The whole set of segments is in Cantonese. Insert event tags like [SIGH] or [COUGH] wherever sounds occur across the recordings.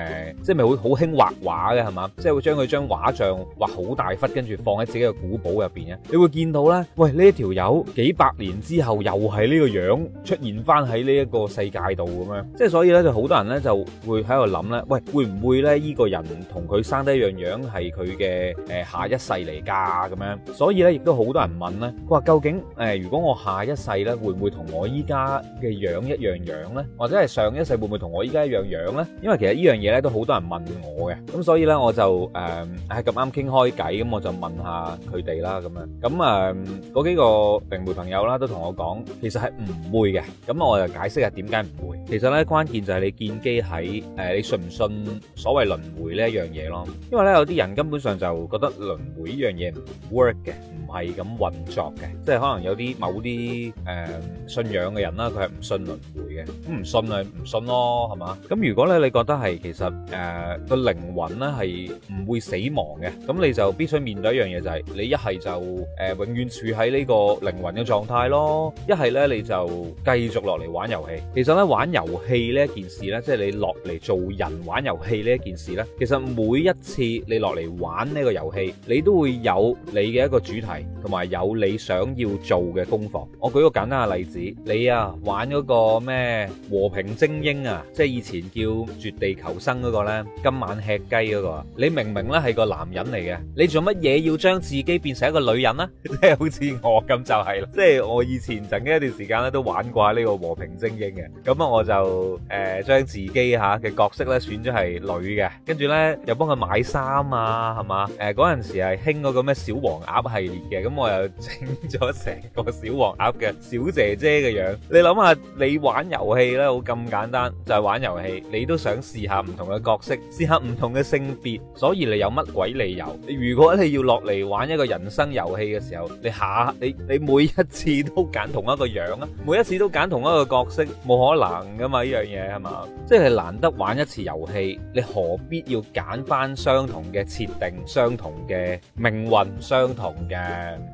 誒，即係咪會好興畫畫嘅係嘛？即係會將佢張畫像畫好大忽，跟住放喺自己嘅古堡入邊咧。你會見到咧，喂呢條友幾百年之後又係呢個樣出現翻喺呢一個世界度咁樣。即係所以咧，就好多人咧就會喺度諗咧，喂會唔會咧呢個人同佢生得一樣樣係佢嘅誒下一世嚟噶咁樣？所以咧亦都好多人問咧，佢話究竟誒如果我下一世咧會唔會同我依家嘅樣一樣樣咧，或者係上一世會唔會同我依家一樣樣咧？因為其實呢樣嘢。咧都好多人問我嘅，咁所以咧我就誒，係咁啱傾開偈。咁我就問下佢哋啦，咁樣，咁啊嗰幾個靈媒朋友啦，都同我講，其實係唔會嘅，咁我就解釋下點解唔會。其實咧關鍵就係你建基喺誒，你信唔信所謂輪回呢一樣嘢咯？因為咧有啲人根本上就覺得輪回呢樣嘢唔 work 嘅。係咁運作嘅，即係可能有啲某啲誒、呃、信仰嘅人啦，佢係唔信輪回嘅，唔信啊唔信咯，係嘛？咁如果咧，你覺得係其實誒個靈魂咧係唔會死亡嘅，咁你就必須面對一樣嘢就係、是、你一係就誒、呃、永遠處喺呢個靈魂嘅狀態咯，一係咧你就繼續落嚟玩遊戲，其實咧玩遊戲呢一件事咧，即係你落嚟做人玩遊戲呢一件事咧，其實每一次你落嚟玩呢個遊戲，你都會有你嘅一個主題。同埋有你想要做嘅功課。我舉個簡單嘅例子，你啊玩嗰個咩和平精英啊，即係以前叫絕地求生嗰個咧，今晚吃雞嗰個。你明明咧係個男人嚟嘅，你做乜嘢要將自己變成一個女人咧？你好似我咁就係啦。即係我以前曾經一段時間咧，都玩過下呢個和平精英嘅。咁啊，我就誒將自己嚇嘅角色咧選咗係女嘅，跟住咧又幫佢買衫啊，係嘛？誒嗰陣時係興嗰個咩小黃鴨系列。嘅咁，我又整咗成個小黃鴨嘅小姐姐嘅樣。你諗下，你玩遊戲呢，好咁簡單，就係玩遊戲。你都想試下唔同嘅角色，試下唔同嘅性別。所以你有乜鬼理由？如果你要落嚟玩一個人生遊戲嘅時候，你下你你每一次都揀同一個樣啊，每一次都揀同一個角色，冇可能㗎嘛？呢樣嘢係咪？即係難得玩一次遊戲，你何必要揀返相同嘅設定、相同嘅命運、相同嘅，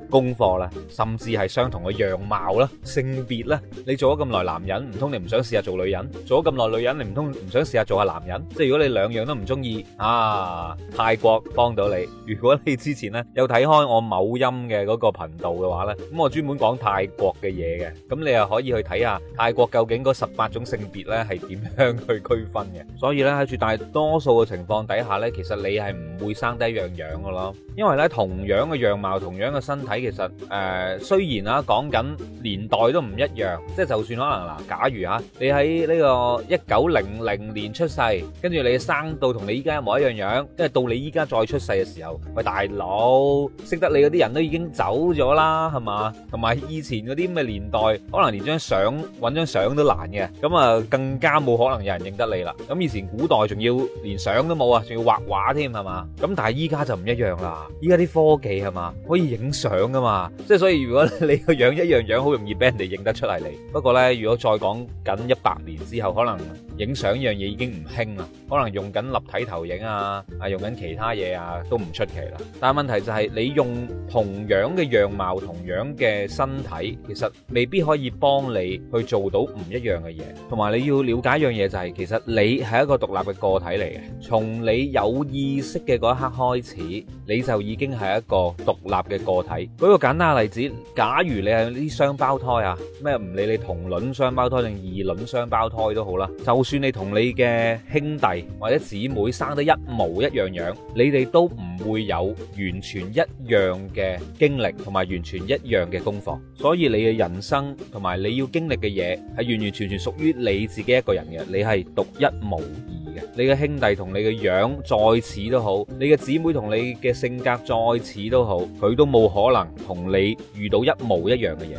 誒，功課啦，甚至係相同嘅樣貌啦，性別啦，你做咗咁耐男人，唔通你唔想試下做女人？做咗咁耐女人，你唔通唔想試下做下男人？即係如果你兩樣都唔中意，啊，泰國幫到你。如果你之前咧有睇開我某音嘅嗰個頻道嘅話咧，咁我專門講泰國嘅嘢嘅，咁你又可以去睇下泰國究竟嗰十八種性別咧係點樣去區分嘅。所以咧喺住大多數嘅情況底下咧，其實你係唔會生得一樣樣噶咯，因為咧同樣嘅樣貌，同樣。個身體其實誒，雖然啊，講緊年代都唔一樣，即係就算可能嗱，假如啊，你喺呢個一九零零年出世，跟住你生到同你依家一模一樣樣，即係到你依家再出世嘅時候，喂大佬，識得你嗰啲人都已經走咗啦，係嘛？同埋以前嗰啲咁嘅年代，可能連張相搵張相都難嘅，咁啊更加冇可能有人認得你啦。咁以前古代仲要連相都冇啊，仲要畫畫添係嘛？咁但係依家就唔一樣啦，依家啲科技係嘛？可以影。影相噶嘛，即係所以如果你個樣一樣樣，好容易俾人哋認得出嚟。你不過呢，如果再講緊一百年之後，可能影相呢樣嘢已經唔興啦，可能用緊立體投影啊，啊用緊其他嘢啊都唔出奇啦。但係問題就係，你用同樣嘅樣貌、同樣嘅身體，其實未必可以幫你去做到唔一樣嘅嘢。同埋你要了解一樣嘢就係，其實你係一個獨立嘅個體嚟嘅。從你有意識嘅嗰一刻開始，你就已經係一個獨立嘅個個體，舉個簡單嘅例子，假如你係啲雙胞胎啊，咩唔理你同卵雙胞胎定異卵雙胞胎都好啦，就算你同你嘅兄弟或者姊妹生得一模一樣樣，你哋都唔會有完全一樣嘅經歷同埋完全一樣嘅功課，所以你嘅人生同埋你要經歷嘅嘢係完完全全屬於你自己一個人嘅，你係獨一無二。你嘅兄弟同你嘅樣再似都好，你嘅姊妹同你嘅性格再似都好，佢都冇可能同你遇到一模一樣嘅嘢。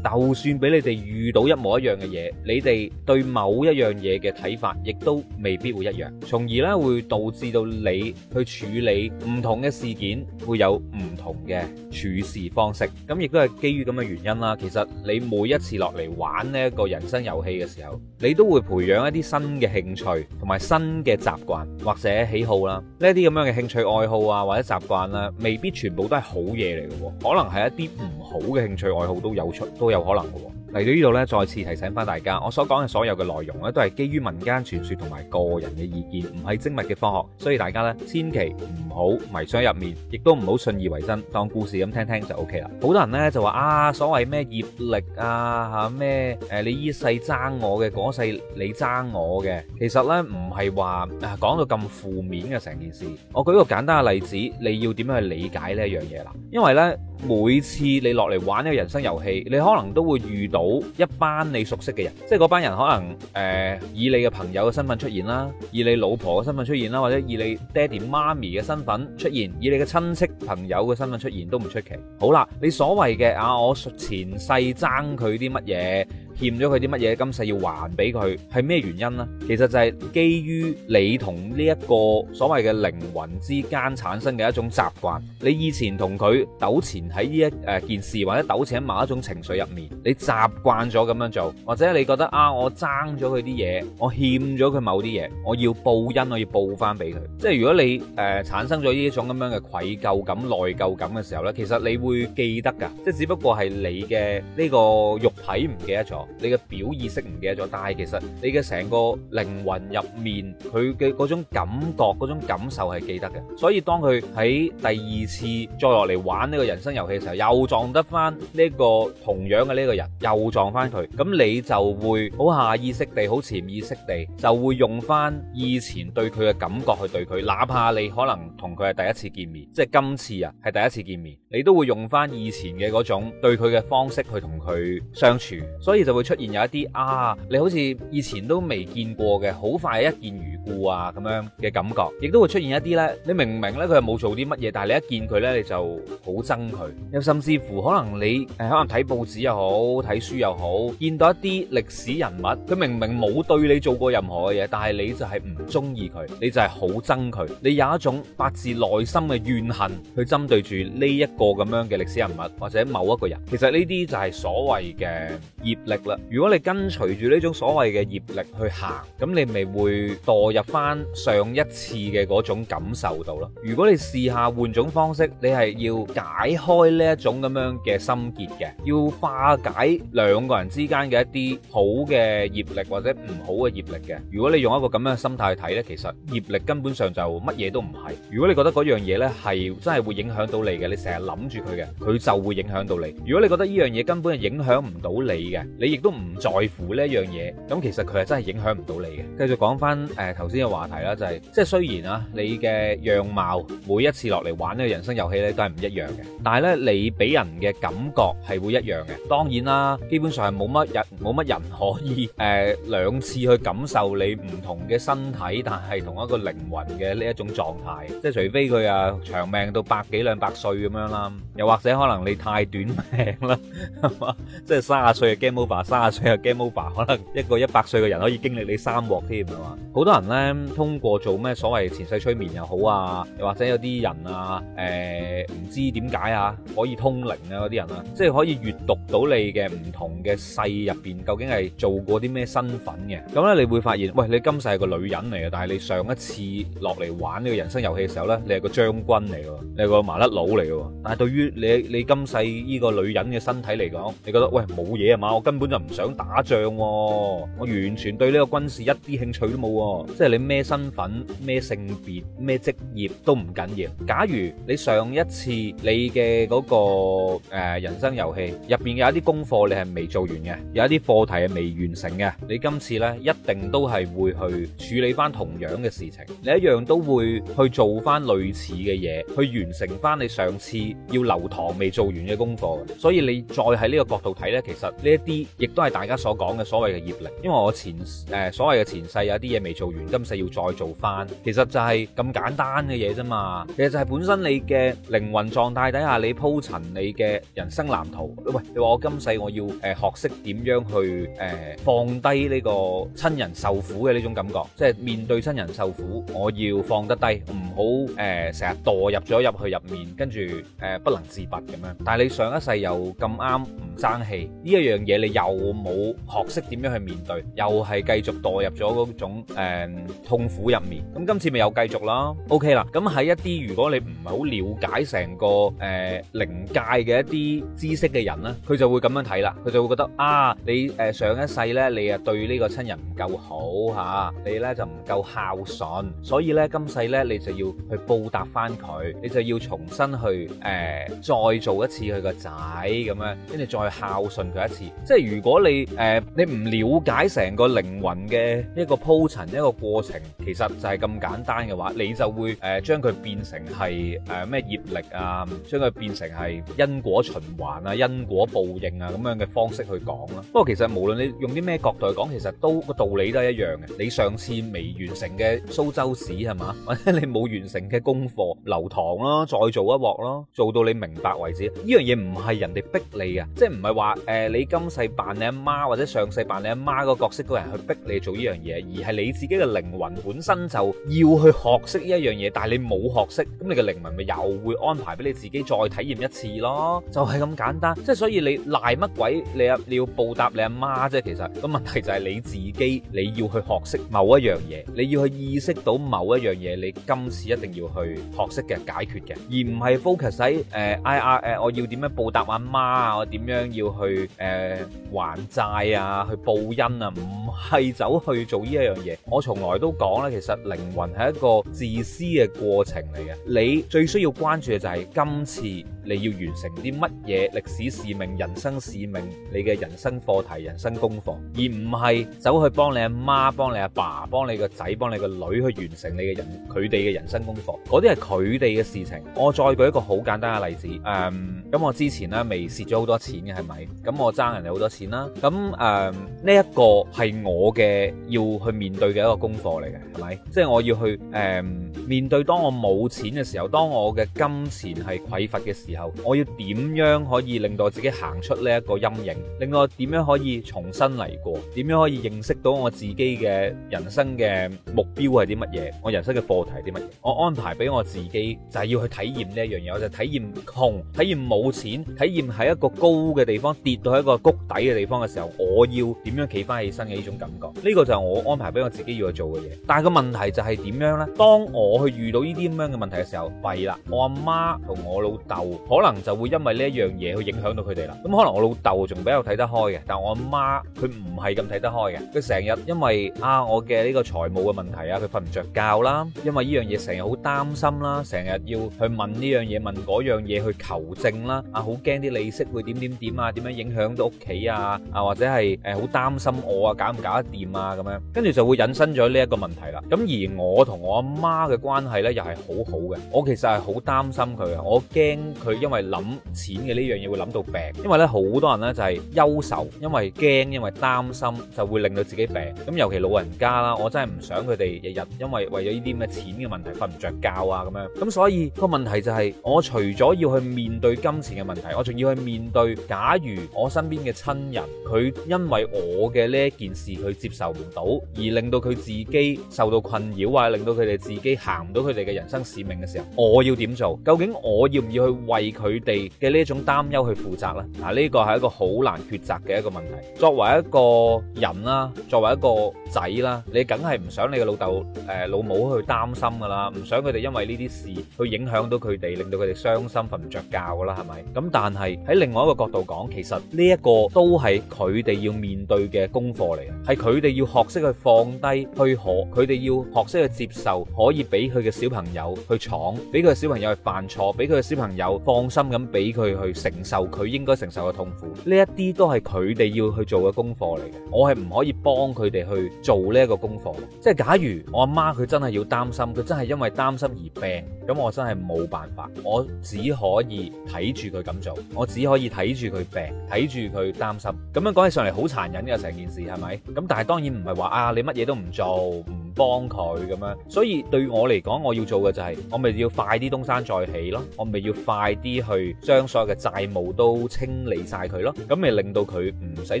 就算俾你哋遇到一模一樣嘅嘢，你哋對某一樣嘢嘅睇法，亦都未必會一樣，從而咧會導致到你去處理唔同嘅事件會有唔同嘅處事方式。咁亦都係基於咁嘅原因啦。其實你每一次落嚟玩呢一個人生遊戲嘅時候，你都會培養一啲新嘅興趣同埋新嘅習慣或者喜好啦，呢啲咁樣嘅興趣愛好啊，或者習慣啦、啊，未必全部都係好嘢嚟嘅，可能係一啲唔好嘅興趣愛好都有出都有可能嘅。嚟到呢度咧，再次提醒翻大家，我所講嘅所有嘅內容咧，都係基於民間傳說同埋個人嘅意見，唔係精密嘅科學，所以大家咧千祈唔好迷上入面，亦都唔好信以為真，當故事咁聽聽就 OK 啦。好多人呢就話啊，所謂咩業力啊，咩、啊、誒、啊、你依世爭我嘅，嗰世你爭我嘅，其實呢，唔係話誒講到咁負面嘅成件事。我舉個簡單嘅例子，你要點樣去理解呢一樣嘢啦？因為呢。每次你落嚟玩一個人生遊戲，你可能都會遇到一班你熟悉嘅人，即係嗰班人可能誒以你嘅朋友嘅身份出現啦，以你老婆嘅身份出現啦，或者以你爹哋媽咪嘅身份出現，以你嘅親戚朋友嘅身份出現都唔出奇。好啦，你所謂嘅啊，我前世爭佢啲乜嘢？欠咗佢啲乜嘢，今世要還俾佢，係咩原因呢？其實就係基於你同呢一個所謂嘅靈魂之間產生嘅一種習慣。你以前同佢糾纏喺呢一誒件事，或者糾纏喺某一種情緒入面，你習慣咗咁樣做，或者你覺得啊，我爭咗佢啲嘢，我欠咗佢某啲嘢，我要報恩，我要報翻俾佢。即係如果你誒、呃、產生咗呢一種咁樣嘅愧疚感、內疚感嘅時候呢，其實你會記得㗎，即係只不過係你嘅呢個肉體唔記得咗。你嘅表意識唔記得咗，但係其實你嘅成個靈魂入面，佢嘅嗰種感覺、嗰種感受係記得嘅。所以當佢喺第二次再落嚟玩呢個人生遊戲嘅時候，又撞得返呢個同樣嘅呢個人，又撞返佢，咁你就會好下意識地、好潛意識地就會用返以前對佢嘅感覺去對佢，哪怕你可能同佢係第一次見面，即係今次呀係第一次見面，你都會用返以前嘅嗰種對佢嘅方式去同佢相處，所以就。會出現有一啲啊，你好似以前都未見過嘅，好快一件魚。戶啊，咁樣嘅感覺，亦都會出現一啲咧。你明明咧佢係冇做啲乜嘢，但係你一見佢咧，你就好憎佢。又甚至乎可能你可能睇報紙又好，睇書又好，見到一啲歷史人物，佢明明冇對你做過任何嘅嘢，但係你就係唔中意佢，你就係好憎佢。你有一種發自內心嘅怨恨去針對住呢一個咁樣嘅歷史人物或者某一個人。其實呢啲就係所謂嘅業力啦。如果你跟隨住呢種所謂嘅業力去行，咁你咪會墮入。入翻上一次嘅嗰種感受到咯。如果你試下換種方式，你係要解開呢一種咁樣嘅心結嘅，要化解兩個人之間嘅一啲好嘅業力或者唔好嘅業力嘅。如果你用一個咁樣嘅心態去睇呢，其實業力根本上就乜嘢都唔係。如果你覺得嗰樣嘢呢係真係會影響到你嘅，你成日諗住佢嘅，佢就會影響到你。如果你覺得呢樣嘢根本係影響唔到你嘅，你亦都唔在乎呢一樣嘢，咁其實佢係真係影響唔到你嘅。繼續講翻誒。呃頭先嘅話題啦，就係即係雖然啊，你嘅樣貌每一次落嚟玩呢個人生遊戲咧，都係唔一樣嘅。但係咧，你俾人嘅感覺係會一樣嘅。當然啦，基本上係冇乜人冇乜人可以誒兩次去感受你唔同嘅身體，但係同一個靈魂嘅呢一種狀態。即係除非佢啊長命到百幾兩百歲咁樣啦，又或者可能你太短命啦，係嘛？即係三十歲嘅 game over，三十歲嘅 game over，可能一個一百歲嘅人可以經歷你三鑊添，係嘛？好多人。咧通過做咩所謂前世催眠又好啊，又或者有啲人啊，誒、呃、唔知點解啊，可以通靈啊嗰啲人啊，即係可以閱讀到你嘅唔同嘅世入邊究竟係做過啲咩身份嘅。咁咧你會發現，喂，你今世係個女人嚟嘅，但係你上一次落嚟玩呢個人生遊戲嘅時候咧，你係個將軍嚟嘅，你係個麻甩佬嚟嘅。但係對於你你今世呢個女人嘅身體嚟講，你覺得喂，冇嘢啊嘛，我根本就唔想打仗喎，我完全對呢個軍事一啲興趣都冇。即係你咩身份、咩性別、咩職業都唔緊要。假如你上一次你嘅嗰個、誒、人生遊戲入邊有一啲功課你係未做完嘅，有一啲課題係未完成嘅，你今次呢一定都係會去處理翻同樣嘅事情，你一樣都會去做翻類似嘅嘢，去完成翻你上次要留堂未做完嘅功課。所以你再喺呢個角度睇呢，其實呢一啲亦都係大家所講嘅所謂嘅業力，因為我前誒、所謂嘅前世有啲嘢未做完。今世要再做翻，其實就係咁簡單嘅嘢啫嘛。其實就係本身你嘅靈魂狀態底下，你鋪陳你嘅人生藍圖。喂，你話我今世我要誒、學識點樣去誒、放低呢個親人受苦嘅呢種感覺，即係面對親人受苦，我要放得低，唔好誒、成日墮入咗入去入面，跟住誒、不能自拔咁樣。但係你上一世又咁啱唔生氣呢一樣嘢，你又冇學識點樣去面對，又係繼續墮入咗嗰種誒。痛苦入面，咁今次咪又繼續啦。OK 啦，咁喺一啲如果你唔係好了解成個誒、呃、靈界嘅一啲知識嘅人呢佢就會咁樣睇啦，佢就會覺得啊，你誒、呃、上一世呢，你啊對呢個親人唔夠好嚇、啊，你呢就唔夠孝順，所以呢，今世呢，你就要去報答返佢，你就要重新去誒、呃、再做一次佢個仔咁樣，跟住再孝順佢一次。即係如果你誒、呃、你唔了解成個靈魂嘅一個鋪陳一個。過程其實就係咁簡單嘅話，你就會誒將佢變成係誒咩業力啊，將佢變成係因果循環啊、因果報應啊咁樣嘅方式去講啦。不過其實無論你用啲咩角度去講，其實都個道理都係一樣嘅。你上次未完成嘅蘇州市係嘛，或者你冇完成嘅功課留堂咯，再做一鑊咯，做到你明白為止。呢樣嘢唔係人哋逼你啊，即係唔係話誒你今世扮你阿媽或者上世扮你阿媽個角色嗰個人去逼你做呢樣嘢，而係你自己嘅。靈魂本身就要去學識呢一樣嘢，但係你冇學識，咁你嘅靈魂咪又會安排俾你自己再體驗一次咯，就係、是、咁簡單，即係所以你賴乜鬼？你啊，你要報答你阿媽啫，其實個問題就係你自己，你要去學識某一樣嘢，你要去意識到某一樣嘢，你今次一定要去學識嘅解決嘅，而唔係 focus 喺誒、呃、I R 誒我要點樣報答阿媽啊？我點樣要去誒、呃、還債啊？去報恩啊？唔係走去做呢一樣嘢，我從來來都講啦，其實靈魂係一個自私嘅過程嚟嘅。你最需要關注嘅就係今次。你要完成啲乜嘢歷史使命、人生使命、你嘅人生課題、人生功課，而唔係走去幫你阿媽、幫你阿爸、幫你個仔、幫你個女去完成你嘅人佢哋嘅人生功課，嗰啲係佢哋嘅事情。我再舉一個好簡單嘅例子，誒、嗯、咁我之前咧未蝕咗好多錢嘅，係咪？咁我爭人哋好多錢啦，咁誒，呢一個係我嘅要去面對嘅一個功課嚟嘅，係咪？即係我要去誒、嗯、面對當我冇錢嘅時候，當我嘅金錢係匱乏嘅時候。我要點樣可以令到自己行出呢一個陰影，令到我點樣可以重新嚟過，點樣可以認識到我自己嘅人生嘅目標係啲乜嘢，我人生嘅課題係啲乜嘢，我安排俾我自己就係要去體驗呢一樣嘢，我就體驗窮，體驗冇錢，體驗喺一個高嘅地方跌到喺一個谷底嘅地方嘅時候，我要點樣企翻起身嘅呢種感覺，呢個就係我安排俾我自己要做嘅嘢。但係個問題就係點樣呢？當我去遇到呢啲咁樣嘅問題嘅時候，弊啦，我阿媽同我老豆。可能就會因為呢一樣嘢去影響到佢哋啦。咁可能我老豆仲比較睇得開嘅，但係我阿媽佢唔係咁睇得開嘅。佢成日因為啊我嘅呢個財務嘅問題啊，佢瞓唔著覺啦。因為呢樣嘢成日好擔心啦，成日要去問呢樣嘢問嗰樣嘢去求證啦。啊，好驚啲利息會點點點啊，點樣影響到屋企啊？啊，或者係誒好擔心我啊，搞唔搞得掂啊咁樣，跟住就會引申咗呢一個問題啦。咁而我同我阿媽嘅關係呢又係好好嘅，我其實係好擔心佢啊，我驚佢。因為諗錢嘅呢樣嘢會諗到病，因為咧好多人呢就係憂愁，因為驚，因為擔心，就會令到自己病。咁尤其老人家啦，我真係唔想佢哋日日因為為咗呢啲咁嘅錢嘅問題瞓唔着覺啊咁樣。咁所以個問題就係，我除咗要去面對金錢嘅問題，我仲要去面對，假如我身邊嘅親人佢因為我嘅呢一件事佢接受唔到，而令到佢自己受到困擾啊，令到佢哋自己行唔到佢哋嘅人生使命嘅時候，我要點做？究竟我要唔要去為？係佢哋嘅呢種擔憂去負責啦，嗱，呢個係一個好難抉擇嘅一個問題。作為一個人啦，作為一個仔啦，你梗係唔想你嘅老豆誒老母去擔心噶啦，唔想佢哋因為呢啲事去影響到佢哋，令到佢哋傷心、瞓唔着覺噶啦，係咪？咁但係喺另外一個角度講，其實呢一個都係佢哋要面對嘅功課嚟，係佢哋要學識去放低，去學佢哋要學識去接受，可以俾佢嘅小朋友去闖，俾佢嘅小朋友去犯錯，俾佢嘅小朋友。放心咁俾佢去承受佢應該承受嘅痛苦，呢一啲都係佢哋要去做嘅功課嚟嘅。我係唔可以幫佢哋去做呢一個功課。即係假如我阿媽佢真係要擔心，佢真係因為擔心而病，咁我真係冇辦法，我只可以睇住佢咁做，我只可以睇住佢病，睇住佢擔心。咁樣講起上嚟好殘忍嘅成件事係咪？咁但係當然唔係話啊，你乜嘢都唔做，唔幫佢咁樣。所以對我嚟講，我要做嘅就係：我咪要快啲東山再起咯，我咪要快。啲去將所有嘅債務都清理晒佢咯，咁咪令到佢唔使再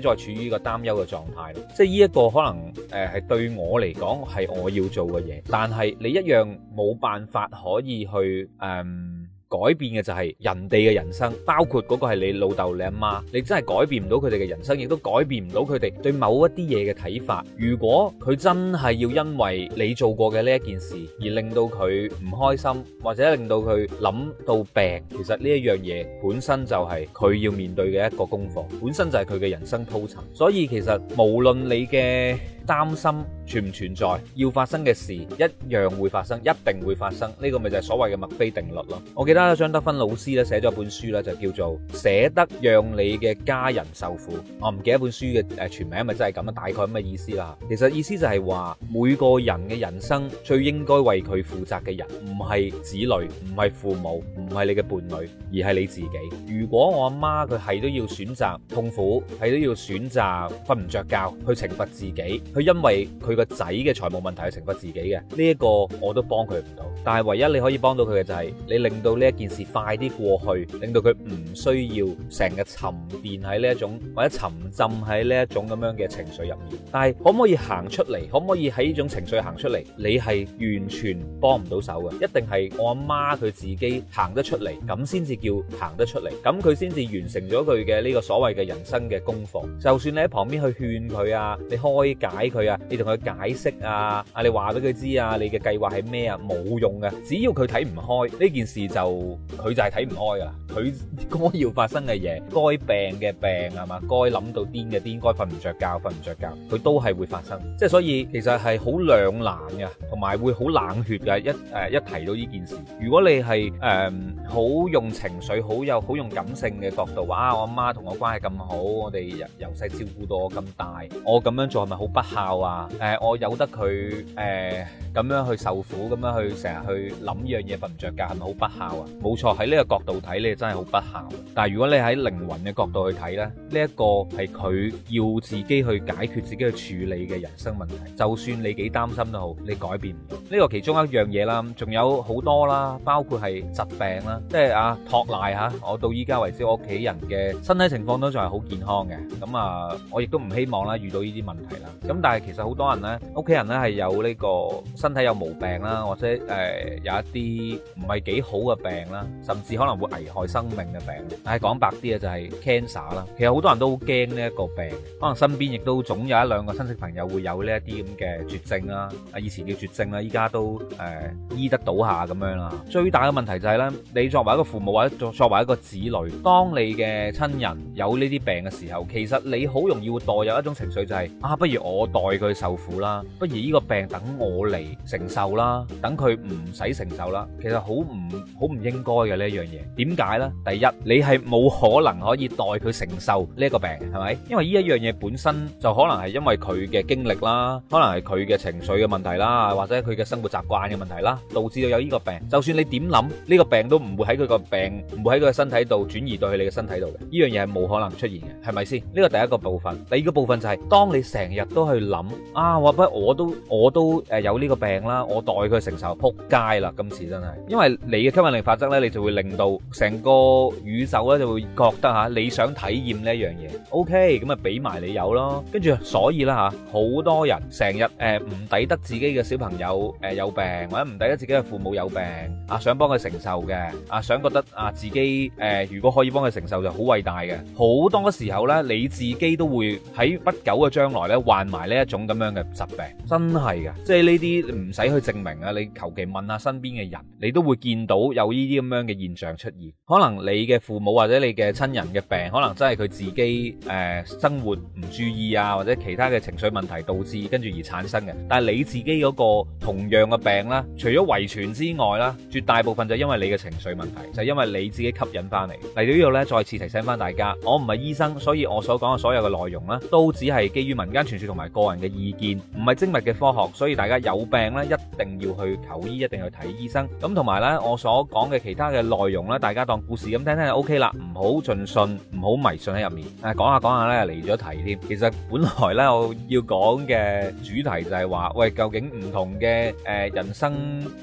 處於個擔憂嘅狀態。即係呢一個可能誒，係、呃、對我嚟講係我要做嘅嘢，但係你一樣冇辦法可以去誒。呃改變嘅就係人哋嘅人生，包括嗰個係你老豆、你阿媽，你真係改變唔到佢哋嘅人生，亦都改變唔到佢哋對某一啲嘢嘅睇法。如果佢真係要因為你做過嘅呢一件事而令到佢唔開心，或者令到佢諗到病，其實呢一樣嘢本身就係佢要面對嘅一個功課，本身就係佢嘅人生鋪陳。所以其實無論你嘅擔心存唔存在，要發生嘅事一樣會發生，一定會發生。呢個咪就係所謂嘅墨菲定律咯。我記得張德芬老師咧寫咗一本書啦，就叫做《捨得讓你嘅家人受苦》，我唔記得本書嘅誒全名咪真係咁啦，大概咩意思啦？其實意思就係話每個人嘅人生最應該為佢負責嘅人，唔係子女，唔係父母，唔係你嘅伴侶，而係你自己。如果我阿媽佢係都要選擇痛苦，係都要選擇瞓唔着覺去懲罰自己。佢因為佢個仔嘅財務問題去懲罰自己嘅，呢一個我都幫佢唔到。但係唯一你可以幫到佢嘅就係你令到呢一件事快啲過去，令到佢唔需要成日沉澱喺呢一種或者沉浸喺呢一種咁樣嘅情緒入面。但係可唔可以行出嚟？可唔可以喺呢種情緒行出嚟？你係完全幫唔到手嘅，一定係我阿媽佢自己行得出嚟，咁先至叫行得出嚟，咁佢先至完成咗佢嘅呢個所謂嘅人生嘅功課。就算你喺旁邊去勸佢啊，你開解。解佢啊！你同佢解釋啊！啊，你話俾佢知啊！你嘅計劃係咩啊？冇用嘅，只要佢睇唔開呢件事，就佢就係睇唔開噶啦。佢該要發生嘅嘢，該病嘅病係嘛？該諗到癲嘅癲，該瞓唔着覺，瞓唔着覺，佢都係會發生。即係所以，其實係好兩難嘅，同埋會好冷血嘅。一誒一提到呢件事，如果你係誒好用情緒，好有好用感性嘅角度，話，我阿媽同我關係咁好，我哋由由細照顧到我咁大，我咁樣做係咪好不？孝啊！誒、嗯，我由得佢誒咁樣去受苦，咁樣去成日去諗依樣嘢瞓唔着㗎，係咪好不孝啊？冇錯，喺呢個角度睇你真係好不孝。但係如果你喺靈魂嘅角度去睇呢，呢、這、一個係佢要自己去解決、自己去處理嘅人生問題。就算你幾擔心都好，你改變唔到呢、這個其中一樣嘢啦，仲有好多啦，包括係疾病啦，即係阿、啊、托賴嚇，我到依家為止，我屋企人嘅身體情況都仲係好健康嘅。咁啊，我亦都唔希望啦遇到呢啲問題啦。但係其實好多人咧，屋企人咧係有呢個身體有毛病啦，或者誒有一啲唔係幾好嘅病啦，甚至可能會危害生命嘅病。但係講白啲啊，就係 cancer 啦。其實好多人都好驚呢一個病，可能身邊亦都總有一兩個親戚朋友會有呢一啲咁嘅絕症啦。啊，以前叫絕症啦，依家都誒醫得到下咁樣啦。最大嘅問題就係咧，你作為一個父母或者作作為一個子女，當你嘅親人有呢啲病嘅時候，其實你好容易會代入有一種情緒，就係啊，不如我。代佢受苦啦，不如呢個病等我嚟承受啦，等佢唔使承受啦。其實好唔好唔應該嘅呢一樣嘢。點解呢？第一，你係冇可能可以代佢承受呢個病，係咪？因為呢一樣嘢本身就可能係因為佢嘅經歷啦，可能係佢嘅情緒嘅問題啦，或者佢嘅生活習慣嘅問題啦，導致到有呢個病。就算你點諗，呢個病都唔會喺佢個病，唔會喺佢嘅身體度轉移到去你嘅身體度嘅。呢樣嘢係冇可能出現嘅，係咪先？呢個第一個部分。第二個部分就係當你成日都去。去諗啊！我不我都我都誒有呢個病啦，我代佢承受，撲街啦！今次真係，因為你嘅吸引力法則咧，你就會令到成個宇宙咧就會覺得吓你想體驗呢一樣嘢，OK，咁咪俾埋你有咯。跟住所以啦吓，好多人成日誒唔抵得自己嘅小朋友誒有病，或者唔抵得自己嘅父母有病啊，想幫佢承受嘅啊，想覺得啊自己誒如果可以幫佢承受就好偉大嘅。好多時候咧，你自己都會喺不久嘅將來咧患埋。呢一種咁樣嘅疾病，真係㗎，即係呢啲唔使去證明啊！你求其問下身邊嘅人，你都會見到有呢啲咁樣嘅現象出現。可能你嘅父母或者你嘅親人嘅病，可能真係佢自己誒、呃、生活唔注意啊，或者其他嘅情緒問題導致跟住而產生嘅。但係你自己嗰個同樣嘅病啦，除咗遺傳之外啦，絕大部分就因為你嘅情緒問題，就係、因為你自己吸引翻嚟。嚟到呢度呢，再次提醒翻大家，我唔係醫生，所以我所講嘅所有嘅內容啦，都只係基於民間傳説同埋。個人嘅意見唔係精密嘅科學，所以大家有病咧一定要去求醫，一定要去睇醫生。咁同埋咧，我所講嘅其他嘅內容咧，大家當故事咁聽聽就 O K 啦，唔好盡信，唔好迷信喺入面。誒，講下講下咧，離咗題添。其實本來咧，我要講嘅主題就係話，喂，究竟唔同嘅誒人生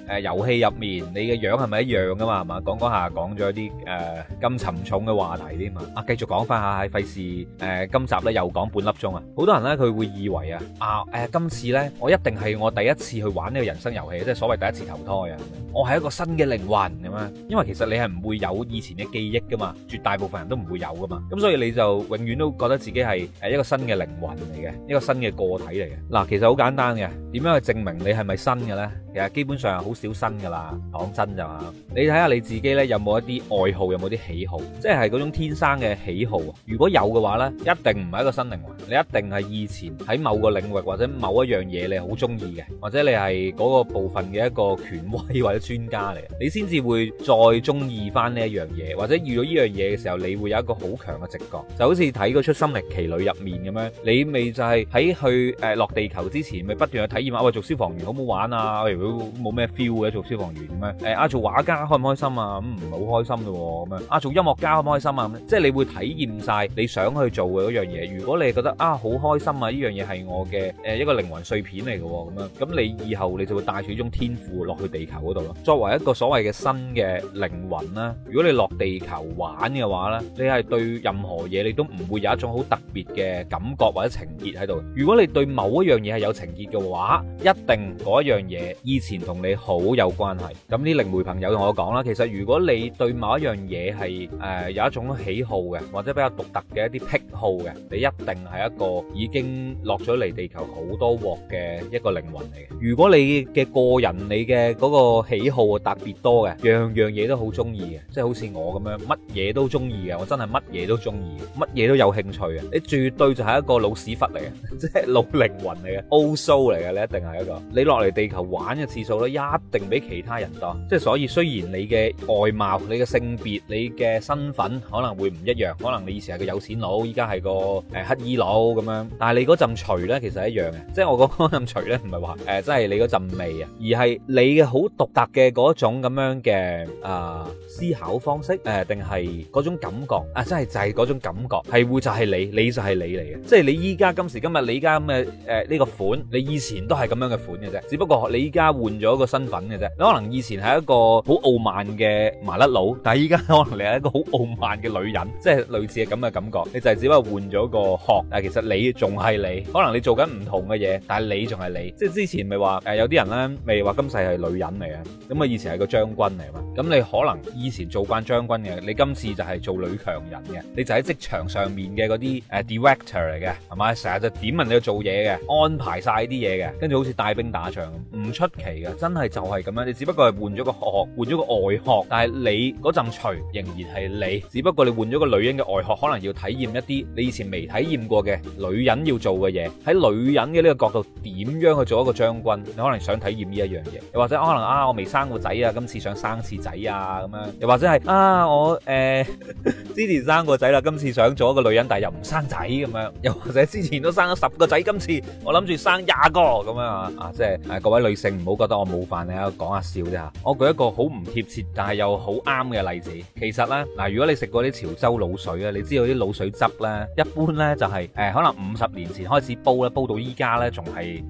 誒遊戲入面，你嘅樣係咪一樣噶嘛？係嘛？講講下，講咗啲誒咁沉重嘅話題添嘛。啊，繼續講翻下，係費事誒，今集咧又講半粒鐘啊。好多人咧，佢會以為。啊！誒、呃，今次呢，我一定係我第一次去玩呢個人生遊戲，即係所謂第一次投胎嘅。我係一個新嘅靈魂咁啊，因為其實你係唔會有以前嘅記憶噶嘛，絕大部分人都唔會有噶嘛。咁所以你就永遠都覺得自己係誒一個新嘅靈魂嚟嘅，一個新嘅個體嚟嘅。嗱、啊，其實好簡單嘅，點樣去證明你係咪新嘅呢？其實基本上好少新噶啦，講真就話。你睇下你自己呢，有冇一啲愛好，有冇啲喜好，即係嗰種天生嘅喜好啊？如果有嘅話呢，一定唔係一個新靈魂，你一定係以前喺某個領域或者某一樣嘢你好中意嘅，或者你係嗰個部分嘅一個權威或者專家嚟，你先至會再中意翻呢一樣嘢，或者遇到呢樣嘢嘅時候，你會有一個好強嘅直覺，就好似睇嗰出《心靈奇旅》入面咁樣，你未就係喺去誒、呃、落地球之前，咪不斷去體驗啊喂、呃，做消防員好唔好玩啊？我、呃、如果冇咩 feel 嘅、啊、做消防員咁樣，誒、呃、啊做畫家開唔開心啊？咁唔係好開心嘅、啊，咁樣啊做音樂家開唔開心啊？咁即係你會體驗晒你想去做嗰樣嘢。如果你覺得啊好開心啊呢樣嘢係。我嘅誒一個靈魂碎片嚟嘅咁樣，咁你以後你就會帶住一種天賦落去地球嗰度咯。作為一個所謂嘅新嘅靈魂啦，如果你落地球玩嘅話咧，你係對任何嘢你都唔會有一種好特別嘅感覺或者情結喺度。如果你對某一樣嘢係有情結嘅話，一定嗰一樣嘢以前同你好有關係。咁啲靈媒朋友同我講啦，其實如果你對某一樣嘢係誒有一種喜好嘅，或者比較獨特嘅一啲癖好嘅，你一定係一個已經落。咗嚟地球好多鑊嘅一個靈魂嚟嘅。如果你嘅個人你嘅嗰個喜好啊特別多嘅，樣樣嘢都好中意嘅，即係好似我咁樣，乜嘢都中意嘅，我真係乜嘢都中意，乜嘢都有興趣嘅，你絕對就係一個老屎忽嚟嘅，即係老靈魂嚟嘅，old soul 嚟嘅，你一定係一個，你落嚟地球玩嘅次數咧，一定比其他人多。即係所以雖然你嘅外貌、你嘅性別、你嘅身份可能會唔一樣，可能你以前係個有錢佬，依家係個誒乞衣佬咁樣，但係你嗰陣才，除咧，其實一樣嘅，即係我講嗰陣除咧，唔係話誒，真係、呃、你嗰陣味啊，而係你嘅好獨特嘅嗰種咁樣嘅啊、呃、思考方式誒，定係嗰種感覺啊，即係就係嗰種感覺，係、呃、會就係、呃、你，你就係你嚟嘅，即係你依家今時今日你依家咁嘅誒呢個款，你以前都係咁樣嘅款嘅啫，只不過你依家換咗個身份嘅啫，你可能以前係一個好傲慢嘅麻甩佬，但係依家可能你係一個好傲慢嘅女人，即係類似嘅咁嘅感覺，你就係只不過換咗個殼，但其實你仲係你，可能。可能你做緊唔同嘅嘢，但係你仲係你，即係之前咪話誒有啲人呢咪話今世係女人嚟嘅，咁啊以前係個將軍嚟嘛，咁你可能以前做慣將軍嘅，你今次就係做女強人嘅，你就喺職場上面嘅嗰啲誒 director 嚟嘅係咪？成日就點問你做嘢嘅，安排晒啲嘢嘅，跟住好似帶兵打仗咁，唔出奇嘅，真係就係咁樣，你只不過係換咗個殼，換咗個外殼，但係你嗰陣錘仍然係你，只不過你換咗個女人嘅外殼，可能要體驗一啲你以前未體驗過嘅女人要做嘅嘢。喺女人嘅呢個角度，點樣去做一個將軍？你可能想體驗呢一樣嘢，又或者可能啊，我未生過仔啊，今次想生次仔啊咁樣，又或者係啊，我誒、欸、之前生過仔啦，今次想做一個女人，但係又唔生仔咁樣，又或者之前都生咗十個仔，今次我諗住生廿個咁樣啊，即係誒各位女性唔好覺得我冇飯，你喺度講下笑啫嚇。我舉一個好唔貼切但係又好啱嘅例子，其實呢，嗱，如果你食過啲潮州鹵水啊，你知道啲鹵水汁呢，一般呢就係、是、誒可能五十年前開始。煲咧煲到依家咧，仲係誒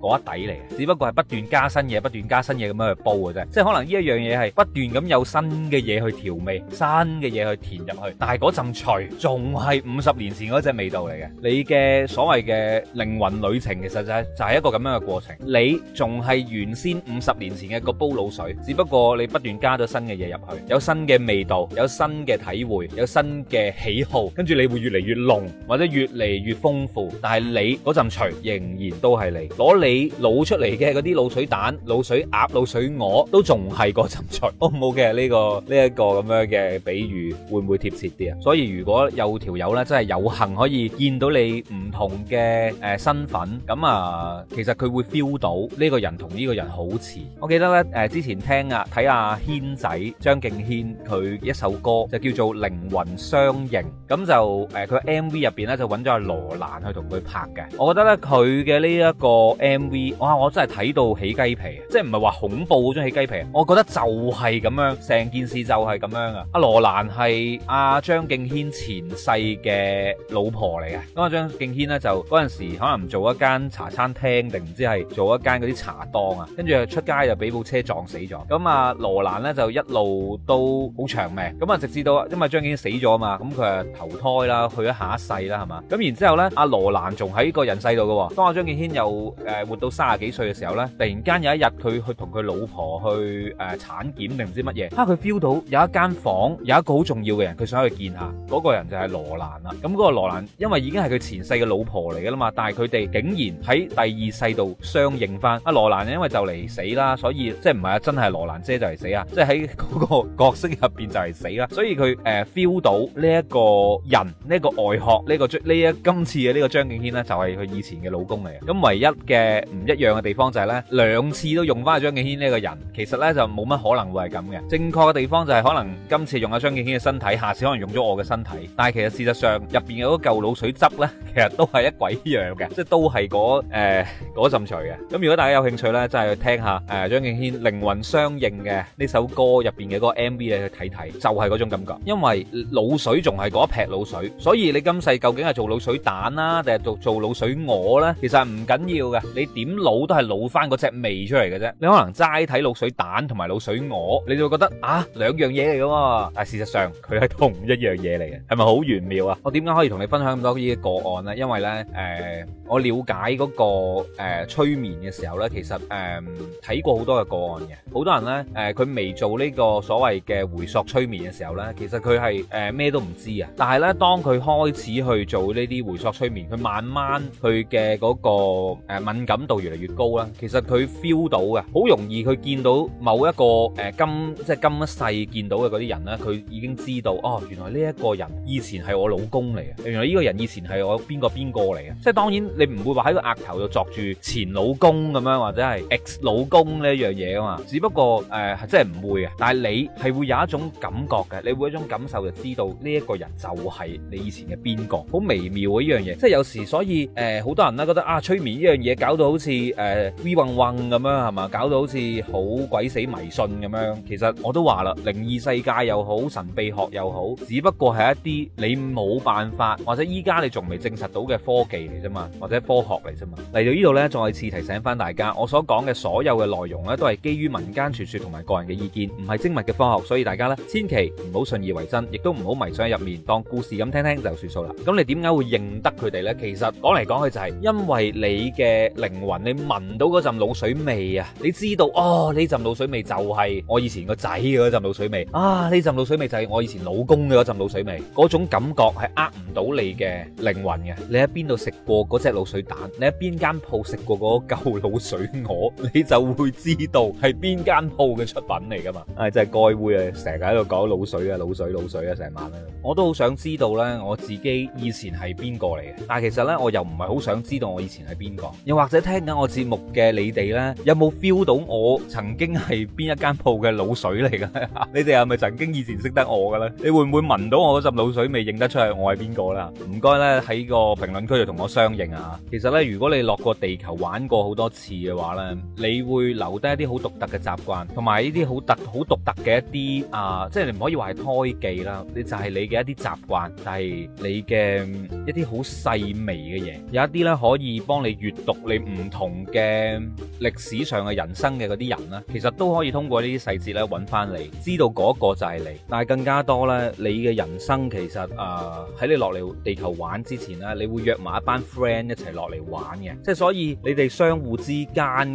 嗰一底嚟，只不過係不斷加新嘢，不斷加新嘢咁樣去煲嘅啫。即係可能呢一樣嘢係不斷咁有新嘅嘢去調味，新嘅嘢去填入去。但係嗰陣馴仲係五十年前嗰隻味道嚟嘅。你嘅所謂嘅靈魂旅程其實就係就係一個咁樣嘅過程。你仲係原先五十年前嘅個煲老水，只不過你不斷加咗新嘅嘢入去，有新嘅味道，有新嘅體會，有新嘅喜好，跟住你會越嚟越濃或者越嚟越豐富。但係你。你嗰陣除仍然都係你攞你鹵出嚟嘅嗰啲鹵水蛋、鹵水鴨、鹵水鵝都仲係嗰陣除，好唔好嘅呢個呢一個咁樣嘅比喻會唔會貼切啲啊？所以如果有條友咧，真係有幸可以見到你唔同嘅誒身份，咁啊，其實佢會 feel 到呢個人同呢個人好似。我記得咧誒，之前聽啊睇阿軒仔張敬軒佢一首歌就叫做靈魂相認，咁就誒佢 M V 入邊咧就揾咗阿羅蘭去同佢拍。我覺得咧佢嘅呢一個 MV，哇！我真係睇到起雞皮，即係唔係話恐怖嗰種起雞皮，我覺得就係咁樣，成件事就係咁樣啊。阿羅蘭係阿張敬軒前世嘅老婆嚟嘅，咁啊張敬軒咧就嗰陣時可能做一間茶餐廳定唔知係做一間嗰啲茶檔啊，跟住出街就俾部車撞死咗。咁啊羅蘭咧就一路都好長命，咁啊直至到因為張敬軒死咗啊嘛，咁佢就投胎啦，去咗下一世啦係嘛，咁然之後咧阿羅蘭做。喺個人世度噶，當阿張敬軒又誒、呃、活到三十幾歲嘅時候咧，突然間有一日佢去同佢老婆去誒、呃、產檢定唔知乜嘢，吓佢 feel 到有一間房有一個好重要嘅人，佢想去見下嗰、那個人就係羅蘭啦。咁、嗯、嗰、那個羅蘭因為已經係佢前世嘅老婆嚟噶啦嘛，但係佢哋竟然喺第二世度相認翻。阿羅蘭因為就嚟死啦，所以即係唔係啊，真係羅蘭姐就嚟死啊，即係喺嗰個角色入邊就係死啦。所以佢誒 feel 到呢一個人呢、呢個外殼呢、呢個呢一今次嘅呢個張敬軒咧，就係佢以前嘅老公嚟嘅，咁唯一嘅唔一樣嘅地方就係咧，兩次都用翻張敬軒呢一個人，其實咧就冇乜可能會係咁嘅。正確嘅地方就係可能今次用咗張敬軒嘅身體，下次可能用咗我嘅身體。但係其實事實上入邊嘅嗰嚿滷水汁咧，其實都係一鬼樣嘅，即係都係嗰誒嗰浸除嘅。咁如果大家有興趣咧，就係去聽下誒張敬軒靈魂相應嘅呢首歌入邊嘅嗰個 MV 嚟去睇睇，就係嗰種感覺。因為滷水仲係嗰一劈滷水，所以你今世究竟係做滷水蛋呀，定係做？做滷水鵝咧，其實係唔緊要嘅，你點滷都係滷翻嗰隻味出嚟嘅啫。你可能齋睇滷水蛋同埋滷水鵝，你就覺得啊，兩樣嘢嚟嘅。但係事實上佢係同一樣嘢嚟嘅，係咪好玄妙啊？我點解可以同你分享咁多呢啲個案咧？因為咧，誒，我了解嗰個誒催眠嘅時候咧，其實誒睇過好多嘅個案嘅。好多人咧，誒佢未做呢個所謂嘅回溯催眠嘅時候咧，其實佢係誒咩都唔知啊。但係咧，當佢開始去做呢啲回溯催眠，佢慢慢。佢嘅嗰個誒、呃、敏感度越嚟越高啦，其實佢 feel 到嘅，好容易佢見到某一個誒今、呃、即係今世見到嘅嗰啲人咧，佢已經知道哦，原來呢一個人以前係我老公嚟嘅，原來呢個人以前係我邊個邊個嚟嘅，即係當然你唔會話喺個額頭度作住前老公咁樣或者係 ex 老公呢一樣嘢啊嘛，只不過誒係真係唔會啊，但係你係會有一種感覺嘅，你會一種感受就知道呢一個人就係你以前嘅邊個，好微妙嘅一樣嘢，即係有時所以。誒，好多人呢覺得啊，催眠呢樣嘢搞到好似誒，暈暈咁樣係嘛，搞到好似好鬼死迷信咁樣。其實我都話啦，靈異世界又好，神秘學又好，只不過係一啲你冇辦法，或者依家你仲未證實到嘅科技嚟啫嘛，或者科學嚟啫嘛。嚟到呢度呢，再次提醒翻大家，我所講嘅所有嘅內容呢，都係基於民間傳說同埋個人嘅意見，唔係精密嘅科學，所以大家呢，千祈唔好信以為真，亦都唔好迷上喺入面，當故事咁聽聽就算數啦。咁你點解會認得佢哋呢？其實。講嚟講去就係因為你嘅靈魂，你聞到嗰陣鹵水味啊，你知道哦，呢陣鹵水味就係我以前個仔嘅嗰陣鹵水味啊，呢陣鹵水味就係我以前老公嘅嗰陣鹵水味，嗰種感覺係呃唔到你嘅靈魂嘅。你喺邊度食過嗰隻鹵水蛋？你喺邊間鋪食過嗰嚿鹵水鵝？你就會知道係邊間鋪嘅出品嚟㗎嘛？誒，真係該會啊，成日喺度講鹵水啊，鹵水鹵水啊，成晚啦。我都好想知道咧，我自己以前係邊個嚟嘅？但係其實咧，我。又唔係好想知道我以前係邊個？又或者聽緊我節目嘅你哋呢，有冇 feel 到我曾經係邊一間鋪嘅滷水嚟㗎？ [LAUGHS] 你哋係咪曾經以前識得我嘅咧？你會唔會聞到我嗰陣滷水味，認得出我係邊個啦？唔該呢，喺個評論區度同我相認啊！其實呢，如果你落過地球玩過好多次嘅話呢，你會留低一啲好獨特嘅習慣，同埋呢啲好特好獨特嘅一啲啊，即係你唔可以話係胎記啦，就是、你就係你嘅一啲習慣，就係你嘅一啲好細微嘅。有一啲咧可以幫你閱讀你唔同嘅歷史上嘅人生嘅嗰啲人啦，其實都可以通過呢啲細節咧揾翻你，知道嗰個就係你。但係更加多咧，你嘅人生其實誒喺、呃、你落嚟地球玩之前啦，你會約埋一班 friend 一齊落嚟玩嘅，即係所以你哋相互之間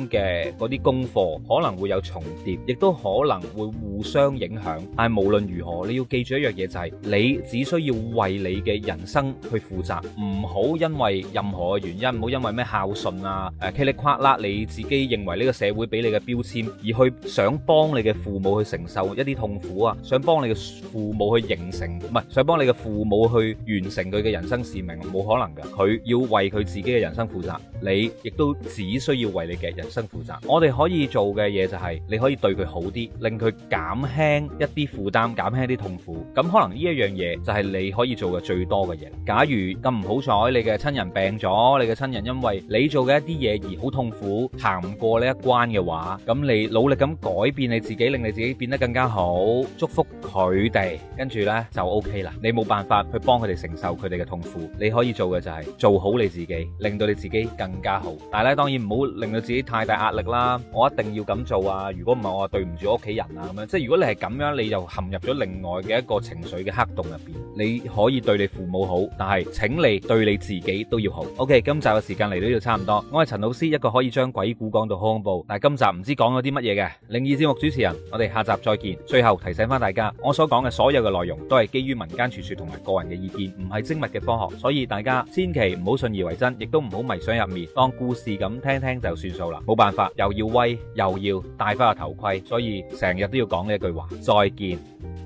嘅嗰啲功課可能會有重疊，亦都可能會互相影響，但係無論如何，你要記住一樣嘢就係、是、你只需要為你嘅人生去負責，唔好因為。為任何嘅原因，唔好因為咩孝順啊、誒噼哩啪啦你自己認為呢個社會俾你嘅標籤，而去想幫你嘅父母去承受一啲痛苦啊，想幫你嘅父母去形成，唔係想幫你嘅父母去完成佢嘅人生使命，冇可能嘅，佢要為佢自己嘅人生負責，你亦都只需要為你嘅人生負責。我哋可以做嘅嘢就係，你可以對佢好啲，令佢減輕一啲負擔，減輕一啲痛苦。咁可能呢一樣嘢就係你可以做嘅最多嘅嘢。假如咁唔好彩，你嘅親人病咗，你嘅親人因為你做嘅一啲嘢，而好痛苦，行唔過呢一關嘅話，咁你努力咁改變你自己，令你自己變得更加好，祝福佢哋，跟住咧就 OK 啦。你冇辦法去幫佢哋承受佢哋嘅痛苦，你可以做嘅就係做好你自己，令到你自己更加好。但係咧，當然唔好令到自己太大壓力啦。我一定要咁做啊！如果唔係，我對唔住屋企人啊咁樣。即係如果你係咁樣，你就陷入咗另外嘅一個情緒嘅黑洞入邊。你可以對你父母好，但係請你對你自己。都要好。OK，今集嘅時間嚟到呢度差唔多。我係陳老師，一個可以將鬼故講到好恐怖，但係今集唔知講咗啲乜嘢嘅靈異節目主持人。我哋下集再見。最後提醒翻大家，我所講嘅所有嘅內容都係基於民間傳說同埋個人嘅意見，唔係精密嘅科學，所以大家千祈唔好信以為真，亦都唔好迷上入面，當故事咁聽聽就算數啦。冇辦法，又要威，又要戴翻個頭盔，所以成日都要講呢句話：再見。